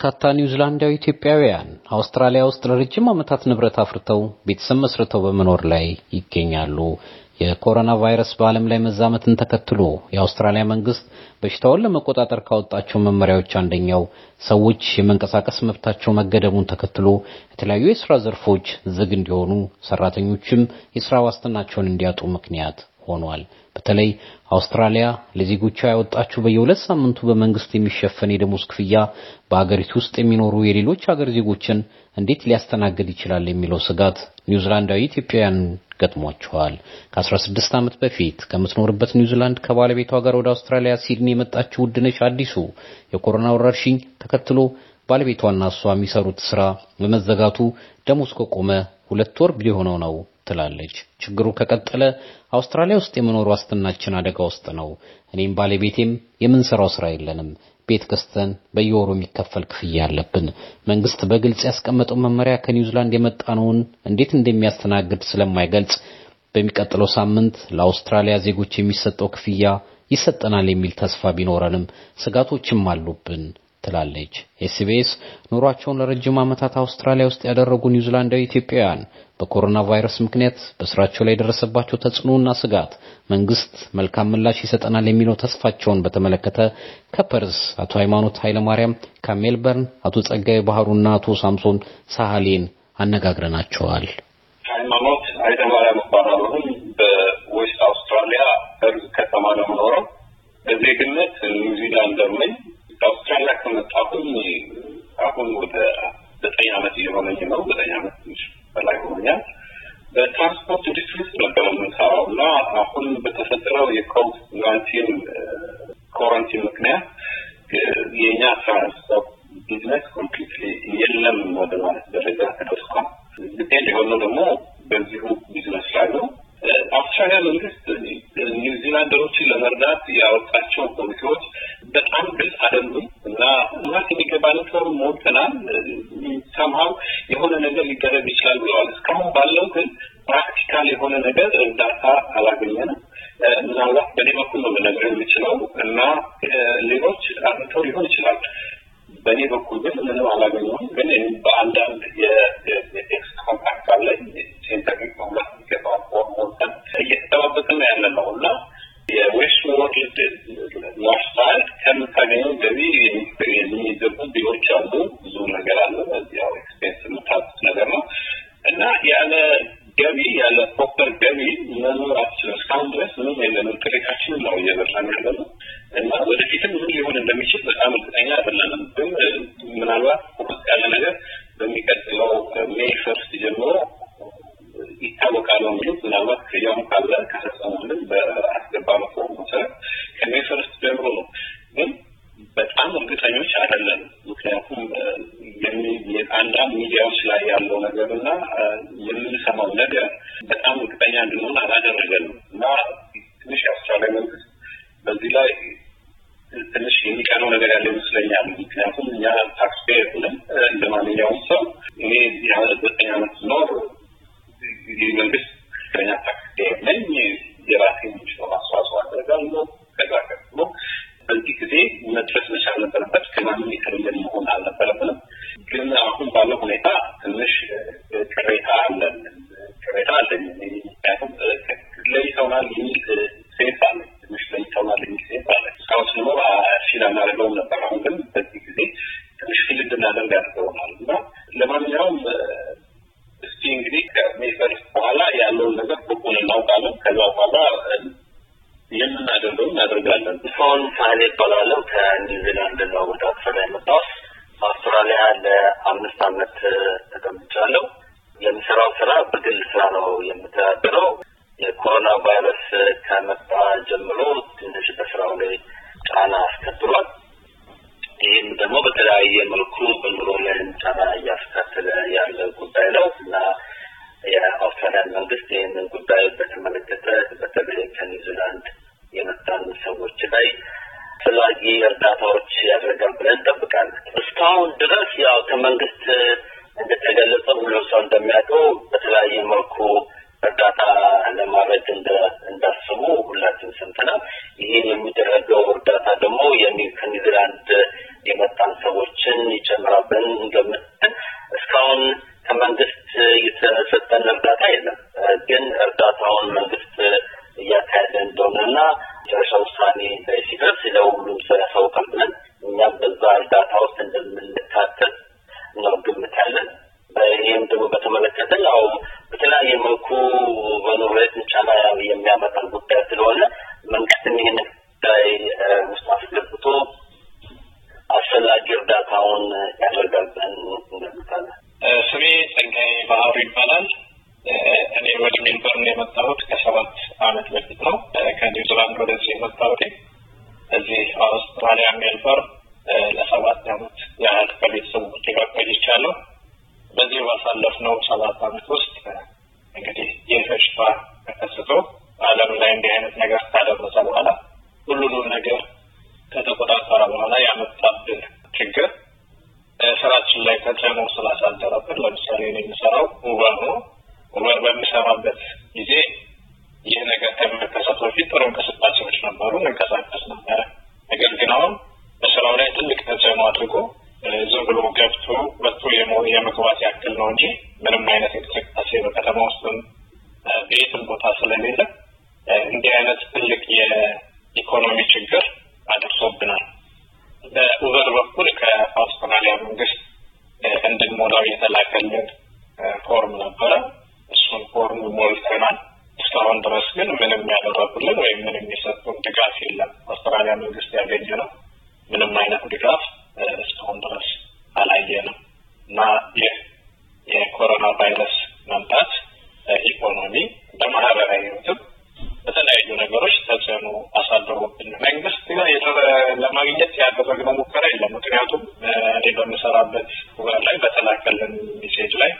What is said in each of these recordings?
በርካታ ኒውዚላንዳዊ ኢትዮጵያውያን አውስትራሊያ ውስጥ ለረጅም ዓመታት ንብረት አፍርተው ቤተሰብ መስርተው በመኖር ላይ ይገኛሉ። የኮሮና ቫይረስ በዓለም ላይ መዛመትን ተከትሎ የአውስትራሊያ መንግስት በሽታውን ለመቆጣጠር ካወጣቸው መመሪያዎች አንደኛው ሰዎች የመንቀሳቀስ መብታቸው መገደቡን ተከትሎ የተለያዩ የስራ ዘርፎች ዝግ እንዲሆኑ፣ ሰራተኞችም የስራ ዋስትናቸውን እንዲያጡ ምክንያት ሆኗል። በተለይ አውስትራሊያ ለዜጎቿ ያወጣችው በየሁለት ሳምንቱ በመንግስት የሚሸፈን የደሞዝ ክፍያ በአገሪቱ ውስጥ የሚኖሩ የሌሎች አገር ዜጎችን እንዴት ሊያስተናግድ ይችላል የሚለው ስጋት ኒውዚላንዳዊ ኢትዮጵያውያን ገጥሟቸዋል። ከ16 ዓመት በፊት ከምትኖርበት ኒውዚላንድ ከባለቤቷ ጋር ወደ አውስትራሊያ ሲድኒ የመጣችው ውድነሽ አዲሱ የኮሮና ወረርሽኝ ተከትሎ ባለቤቷና እሷ የሚሰሩት ስራ በመዘጋቱ ደሞዝ ከቆመ ሁለት ወር ሊሆነው ነው። ትላለች። ችግሩ ከቀጠለ አውስትራሊያ ውስጥ የመኖር ዋስትናችን አደጋ ውስጥ ነው። እኔም ባለቤቴም የምንሰራው ስራ የለንም። ቤት ገዝተን በየወሩ የሚከፈል ክፍያ አለብን። መንግስት በግልጽ ያስቀመጠው መመሪያ ከኒውዚላንድ የመጣነውን እንዴት እንደሚያስተናግድ ስለማይገልጽ በሚቀጥለው ሳምንት ለአውስትራሊያ ዜጎች የሚሰጠው ክፍያ ይሰጠናል የሚል ተስፋ ቢኖረንም ስጋቶችም አሉብን ትላለች። ኤስቢኤስ ኑሯቸውን ለረጅም ዓመታት አውስትራሊያ ውስጥ ያደረጉ ኒውዚላንዳዊ ኢትዮጵያውያን በኮሮና ቫይረስ ምክንያት በስራቸው ላይ የደረሰባቸው ተጽዕኖና ስጋት መንግስት መልካም ምላሽ ይሰጠናል የሚለው ተስፋቸውን በተመለከተ ከፐርስ አቶ ሃይማኖት ኃይለማርያም ከሜልበርን አቶ ጸጋይ ባህሩና አቶ ሳምሶን ሳህሌን አነጋግረናቸዋል። ሃይማኖት ኃይለማርያም እባላለሁኝ። በዌስት አውስትራሊያ ፐርዝ ከተማ ነው የምኖረው። በዜግነት ኒውዚላንደር ነኝ። አውስትራሊያ ከመጣሁኝ አሁን ወደ ዘጠኝ ዓመት እየሆነኝ ነው። ዘጠኝ ዓመት በላይ ሆነ። በትራንስፖርት ኢንዱስትሪ ውስጥ ነበር የምንሰራው እና አሁን በተፈጠረው የኮቪድ ናይንቲን ኮረንቲን ምክንያት የእኛ ትራንስፖርት ቢዝነስ ኮምፕሊትሊ የለም ወደ ማለት ደረጃ ተደርሷል። ዲፔንድ የሆነው ደግሞ በዚሁ ቢዝነስ ላይ ነው። አውስትራሊያ መንግስት ኒውዚላንደሮችን ለመርዳት ያወጣቸው ፖሊሲዎች በጣም ግልጽ አይደሉም። እና እናት የሚገባን ሰው ሞተናል ሰምሀው የሆነ ነገር ሊደረግ ይችላል ብለዋል። እስካሁን ባለው ግን ፕራክቲካል የሆነ ነገር እርዳታ አላገኘንም። ምናልባት በእኔ በኩል ነው ልነግር የሚችለው እና ሌሎች አርተው ሊሆን ይችላል። በእኔ በኩል ግን ምንም አላገኘሁም። ግን በአንዳንድ የቴክስት ኮንታክት ላይ ሴንተር መሙላት የሚገባው ፎርም ሞልተን እየተጠባበቅን ያለ ነው እና የዌስት ወርልድ ኖርት ሳይድ ከምታገኘው ገቢ የሚገቡ ቢሮች አሉ። ብዙ ነገር አለ። በዚያው ኤክስፔንስ የምታጡት ነገር ነው እና ያለ ገቢ ያለ ፕሮፐር ገቢ መኖር አትችልም። እስካሁን ድረስ ምንም የለንም። ክሬካችንን ነው እየበላን ያለ ነው እና ወደፊትም ምን ሊሆን እንደሚችል በጣም እርግጠኛ አይደለንም። ግን ምናልባት ቁርጥ ያለ ነገር በሚቀጥለው ሜይ ፈርስት ጀምሮ ይታወቃል የሚሉት ምናልባት ክያም ካለ ከፈጸሙልን በአስገባ መፎ መሰረት ከሜይ ፈርስት ጀምሮ ነው ግን በጣም እርግጠኞች አይደለም። ምክንያቱም አንዳንድ ሚዲያዎች ላይ ያለው ነገር እና የምንሰማው ነገር በጣም እርግጠኛ እንድንሆን አላደረገንም እና ትንሽ የአውስትራሊያ መንግስት በዚህ ላይ ትንሽ የሚቀረው ነገር ያለ ይመስለኛል። ምክንያቱም እኛ ታክስ ፔየር እንደ ማንኛውም ሰው እኔ እዚህ ዘጠኝ ዓመት ስኖር መንግስት ከፍተኛ ታክስ ነኝ። የራሴ የሚችለው አስተዋጽኦ አደርጋለሁ። መድረስ መቻል ነበረበት። ገና ምን የተለየ መሆን አለበት። ኮሮና ቫይረስ ከመጣ ጀምሮ ትንሽ በስራው ላይ ጫና አስከትሏል። ይህም ደግሞ በተለያየ መልኩ በኑሮ ላይም ጫና እያስከተለ ያለ ጉዳይ ነው እና የአውስትራሊያን መንግስት ይህንን ጉዳይ በተመለከተ በተለይ ከኒውዚላንድ የመጣን ሰዎች ላይ አስፈላጊ እርዳታዎች ያደርጋል ብለን እንጠብቃለን። እስካሁን ድረስ ያው ከመንግስት እንደተገለጸ ሁሉ ሰው እንደሚያውቀው በተለያየ መልኩ እርዳታ ለማድረግ እንዳስቡ ሁላችን ሰምተናል። ይህን የሚደረገው እርዳታ ደግሞ ከኒውዚላንድ የመጣን ሰዎችን ይጨምራብን ብለን እስካሁን ከመንግስት የተሰጠን እርዳታ የለም፣ ግን እርዳታውን መንግስት እያካሄደ እንደሆነና መጨረሻ ውሳኔ ለሰባት አመት ያህል ከቤተሰቦቼ ጋር ቆይቻለሁ። በዚህ ባሳለፍነው ሰባት አመት ውስጥ እንግዲህ ይህ በሽታ ተከስቶ ዓለም ላይ እንዲህ አይነት ነገር ካደረሰ በኋላ ሁሉንም ነገር ከተቆጣጠረ በኋላ ያመጣብን ችግር ስራችን ላይ ተጽዕኖ ስላሳደረብን፣ ለምሳሌ የሚሰራው ውበር ነው። ውበር በሚሰራበት የመግባት ያክል ነው እንጂ ምንም አይነት እንቅስቃሴ በከተማ ውስጥም በየትም ቦታ ስለሌለ እንዲህ አይነት ትልቅ የኢኮኖሚ ችግር አድርሶብናል። በኡበር በኩል ከአውስትራሊያ መንግስት እንድንሞላው የተላከልን ፎርም ነበረ። እሱን ፎርም ሞልተናል። እስካሁን ድረስ ግን ምንም ያደረጉልን ወይም ምንም የሰጡን ድጋፍ የለም። አውስትራሊያ መንግስት ያገኘ ነው ምንም አይነት ድጋፍ እስካሁን ድረስ አላየንም እና የኮሮና ቫይረስ መምጣት በኢኮኖሚ በማህበራዊ ህይወትም በተለያዩ ነገሮች ተጽዕኖ አሳድሮብን መንግስት ለማግኘት ያደረግነው ሙከራ የለም። ምክንያቱም እኔ በምሰራበት ወር ላይ በተላከልን ሜሴጅ ላይ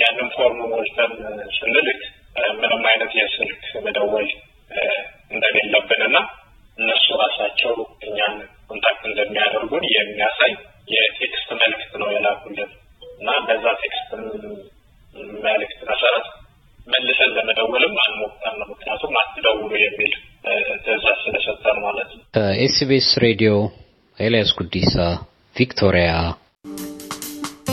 ያንን ፎርም ሞልተን ስንልክ ምንም አይነት የስልክ መደወል እንደሌለብንና እነሱ ራሳቸው እኛን ኮንታክት እንደሚያደርጉን የሚያሳይ የሚል ትዕዛዝ ስለሰጠን ማለት ነው። ኤስቢኤስ ሬዲዮ ኤልያስ ጉዲሳ ቪክቶሪያ።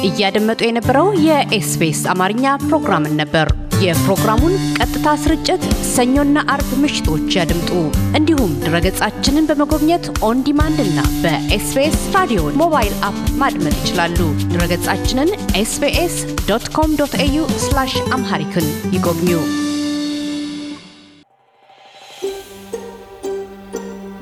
እያደመጡ የነበረው የኤስቢኤስ አማርኛ ፕሮግራምን ነበር። የፕሮግራሙን ቀጥታ ስርጭት ሰኞና አርብ ምሽቶች ያድምጡ። እንዲሁም ድረገጻችንን በመጎብኘት ኦን ዲማንድ እና በኤስቤስ ራዲዮ ሞባይል አፕ ማድመጥ ይችላሉ። ድረገጻችንን ኤስቤስ ዶት ኮም ዶት ኤዩ አምሃሪክን ይጎብኙ።